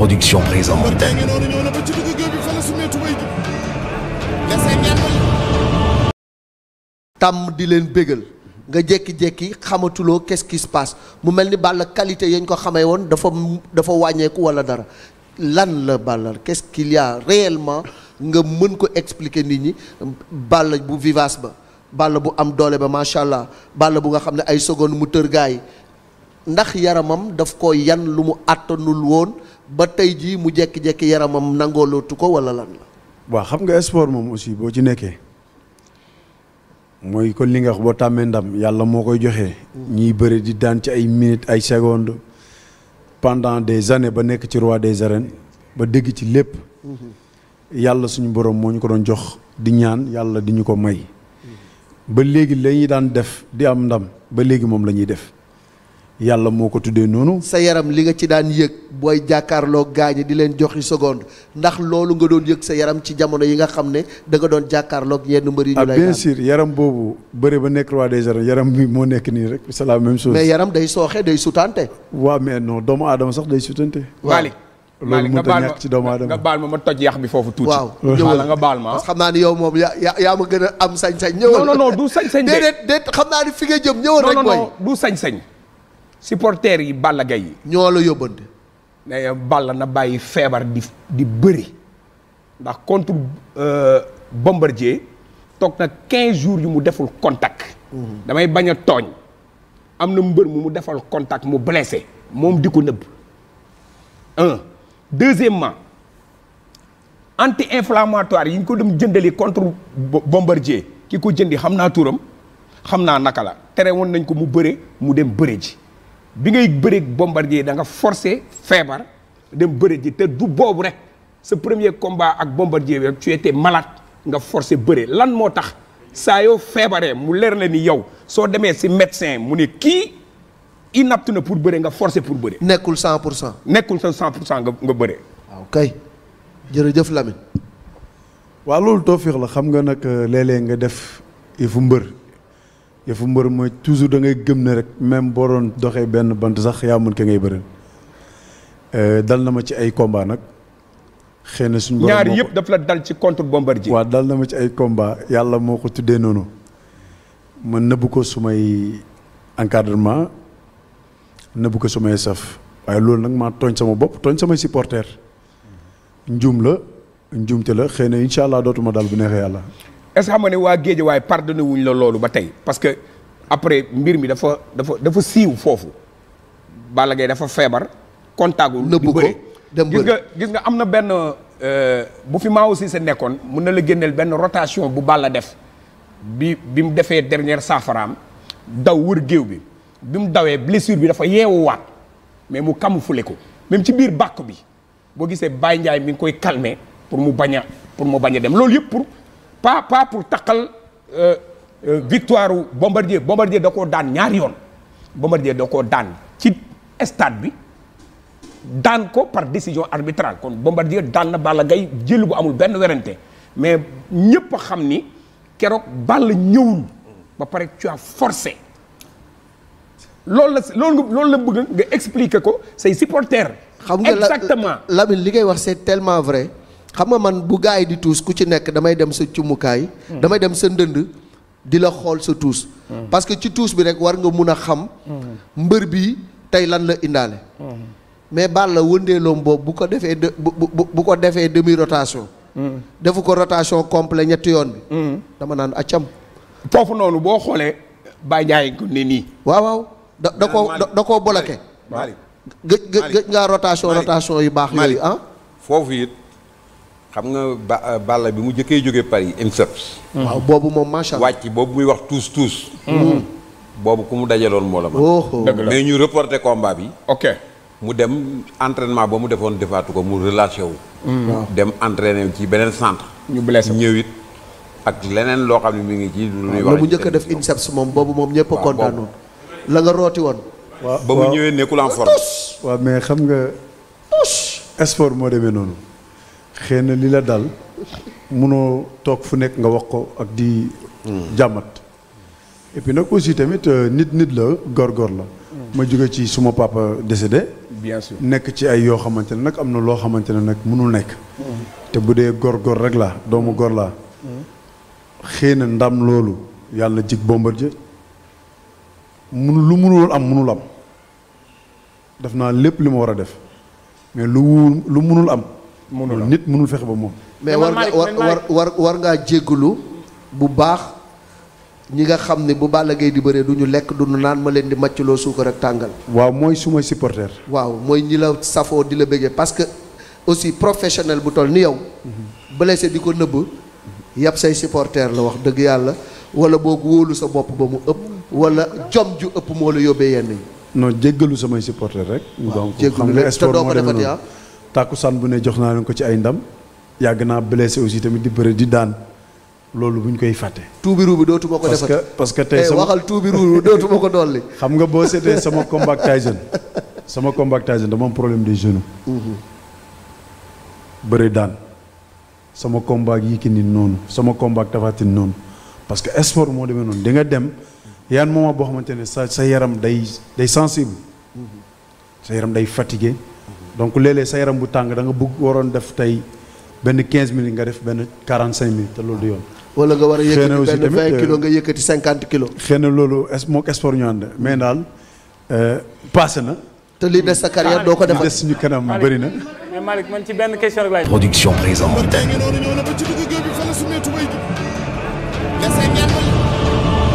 production présente. tàmm di leen bégal nga jékki-jékki xamatuloo qu'est-ce passe mu mel ni Balla qualité yañ ko xamee woon dafa dafa wàññeeku walla dara lan la Balla qu'est-ce qu'il nga mën ko expliquer nit ñi Balla bu vivace ba Balla bu am doole ba macha allah Balla bu nga xam ne ay secondes mu tër gaay ndax yaramam daf ko yan lu mu àttanul woon ba tey jii mu jékki-jékki yaramam nangoolootu ko wala lan la. waa xam nga sport moom aussi boo ci nekkee mooy kon li nga wax boo tàmmee ndam yàlla moo koy joxe. ñiy bëri di daan ci ay minutes ay secondes pendant des années ba nekk ci roi des arènes ba dégg ci lépp. yàlla suñu borom moo ñu ko doon jox di ñaan yàlla di ñu ko may. ba léegi la ñuy daan def di am ndam ba léegi moom la ñuy def. yàlla moo ko tuddee noonu. sa yaram li nga ci daan yëg booy jàkkaarloo gaañe di leen joxi seconde ndax loolu nga doon yëg sa yaram ci jamono yi nga xam ne da nga doon jàkkaarlook yenn mbër yi. ñu ah, lay bien sûr yaram boobu bëri ba nekk roi des arènes yaram bi moo nekk nii rek c'est la même chose. mais yaram day sooxe day sutante. waaw mais non doomu aadama sax day sutante. waaw loolu mënut a ñàkk ci doomu aadama nga baal ma ma toj yax bi foofu tuuti. waaw ñëwal nga baal xam naa ni yow moom yaa yaa ma gën a am sañ-sañ. ñëwal non non du sañ-sañ de déedéet naa ni fi nga jëm ñëwal rek. mooy non non sañ-sañ supporters yi Balla Gaye yi. ñoo la yóbbante. mais Balla na bàyyi feebar di di bëri ndax contre euh, Bombardier toog na 15 jours yu mu deful contact. Mhm. damay bañ a tooñ. am na mbër mu mu defal contact mu blessé moom di ko nëbb deuxièmement anti inflammatoire yi ñu ko dem jëndali contre bombardier ki ko jëndi xam naa turam xam naa naka la tere woon nañ ko mu bëre mu dem bëre ji bi ngay bëreeg bombardier da nga forcé feebar dem bëre ji te du boobu rek sa premier combat ak bombardier bi rek tu étais nga forcé bëre lan moo tax saa yoo feebaree mu leer la ni yow soo demee si médecin mu ne kii inapte na pour bëre nga forcé pour bëre. nekkul 100 pour cent. nekkul sa 100 pour cent nga nga bëre. Ah, waaw kay jërëjëf lamit waa loolu tawfeex la xam nga nag euh, léeg nga def yëfu mbër. yëfu mbër mooy toujours da ngay gëm ne rek même boo doon doxee benn bant sax yaa mën ka ngay bëri euh, dal na ma ci ay combat nag. xëy na suñ borom ñaar yëpp daf la dal ci contre Bombardier. waaw dal na ma ci ay combat yàlla moo ko tuddee noonu ma nëbbu ko sumay encadrement nëbbu ko sumay saf waaye loolu nag maa tooñ sama bopp tooñ samay supporters njuum la njuumte la xëy na incha allah dootuma dal bu neexee yàlla. est-ce que xam nga ne waa Géejawaay pardonné wuñ la loolu ba tey parce que après mbir mi dafa dafa dafa siiw foofu Balla gay dafa feebar kontagul nëbbu ko dem gis nga gis nga am na benn euh, bu fi ma aussi sa nekkoon mun na la génneel benn rotation bu Balla def bi bi mu defee dernière saafaraam daw wër géew bi bi mu dawee blessure bi dafa yeewuwaat mais mu camouflé ko même ci biir bàkk bi boo gisee Baye Ndiaye mi ngi koy calmer pour mu bañ a pour mu bañ a dem loolu yëpp pour pas pas pour taqal euh, euh, victoire u Bombardier Bombardier da ko daan ñaari yoon Bombardier da koo daan ci stade bi daan ko par décision arbitrale kon Bombardier daan na Balla Gaye jël bu amul benn werante mais ñëpp a xam ni keroog Balla ñëwul ba pare tu forcé loolu la loolu loolu la bëgg nga expliquer ko say supporters. xam nga exactement Lamine li ngay wax c'est tellement vrai. xam nga man bu gars yi di tuus ku ci nekk damay dem sa cumukaay. Hmm. damay dem sa ndënd di la xool sa tuus. Hmm. parce que ci tuus bi rek war nga mun a xam. Hmm. mbër bi tey lan la indaale. mais Balla wëndeeloom boobu bu ko defee de bu bu bu ko defee demi rotation. defu ko rotation complet ñetti yoon bi. dama naan acam. foofu noonu boo xoolee. Baye Ndiaye ko ne nii. waaw waaw da da koo da koo boloke. gëj gëj ngaa rotation rotation yu baax yooyu ah. foofu xam nga ba euh, Balla bi mu jëkkee jógee Paris INSEPS. Mm-hmm. waaw boobu moom macha allah wàcc boobu muy wax tuus tuus. Mm-hmm. boobu ku mu dajaloon moo la ma mais ñu reporté combat bi. ok mu dem entraînement ba mu defoon defaatu ko mu relâché wu. Mm-hmm. dem entraîné ci beneen centre. ñu blessé ñëw it ak leneen loo xam ne mu ngi ci. lu ñuy wax la mu njëkk def INSEPS moom boobu moom ñëpp a kontaanoon. la nga rooti woon. ba mu ñëwee nekkul en forme. waaw mais xam nga. sport moo demee noonu. xëy na li la dal munoo toog fu nekk nga wax ko ak di jàmmat et nag aussi tamit euh, nit nit la góorgóor la ma jóge ci suma papa décédé bien nekk ci ay yoo xamante ne nag am na loo xamante ne nag munul nekk te bu dee góorgóor rek laa doomu góor laa xëy na ndam loolu yàlla jig Bombardier mu lu munul am munul am def naa lépp li ma war a def mais lu munul am mënul nit mënul fexe ba moom. mais war war war war ngaa jéggalu bu baax ñi nga xam ne bu Balla Gaye di bëree du ñu lekk du ñu naan ma leen di màccloo suukar ak tàngal. waaw mooy su may supporter. waaw mooy ñi la safoo di la bëggee parce que aussi professionnel bu toll ni yow. blessé di ko nëbb. yàpp say supporter la wax dëgg yàlla wala boog sa bopp ba ëpp wala jom ju ëpp moo la yóbbee yenn yi. non jéggalu samay supporter rek. donc xam nga sport moo doo ko defati tàkkusaan bu ne jox naa leen ko ci ay ndam yàgg naa blessé aussi tamit di bëre di daan loolu bu ñu koy fàtte. tuubi ruubi dootuma ko defati parce que parce que tey eh, sama waxal tuubi ko dolli. xam nga boo seetee sama combat Tyson sama combat Tyson dama problème des genoux. Mhm. bëre daan sama combat ak Yékini noonu sama combat ak noonu parce que sport moo demee noonu di nga dem yaan moment boo xamante ne sa sa yaram day day sensible mhm. sa yaram day fatigué. donc léeg-léeg sa yaram bu tàng danga nga bëgg waroon def tey benn 15 minutes nga def benn 45 minutes te loolu du yoon. wala nga war a yëkkati benn 20 euh, kilos nga yëkkati 50 kilos. xëy loolu est moog sport ñu ànd mais daal euh, passé na. te li des sa carrière doo ko defal li des suñu kanam bëri na. mais ci benn question rek laay. production présente.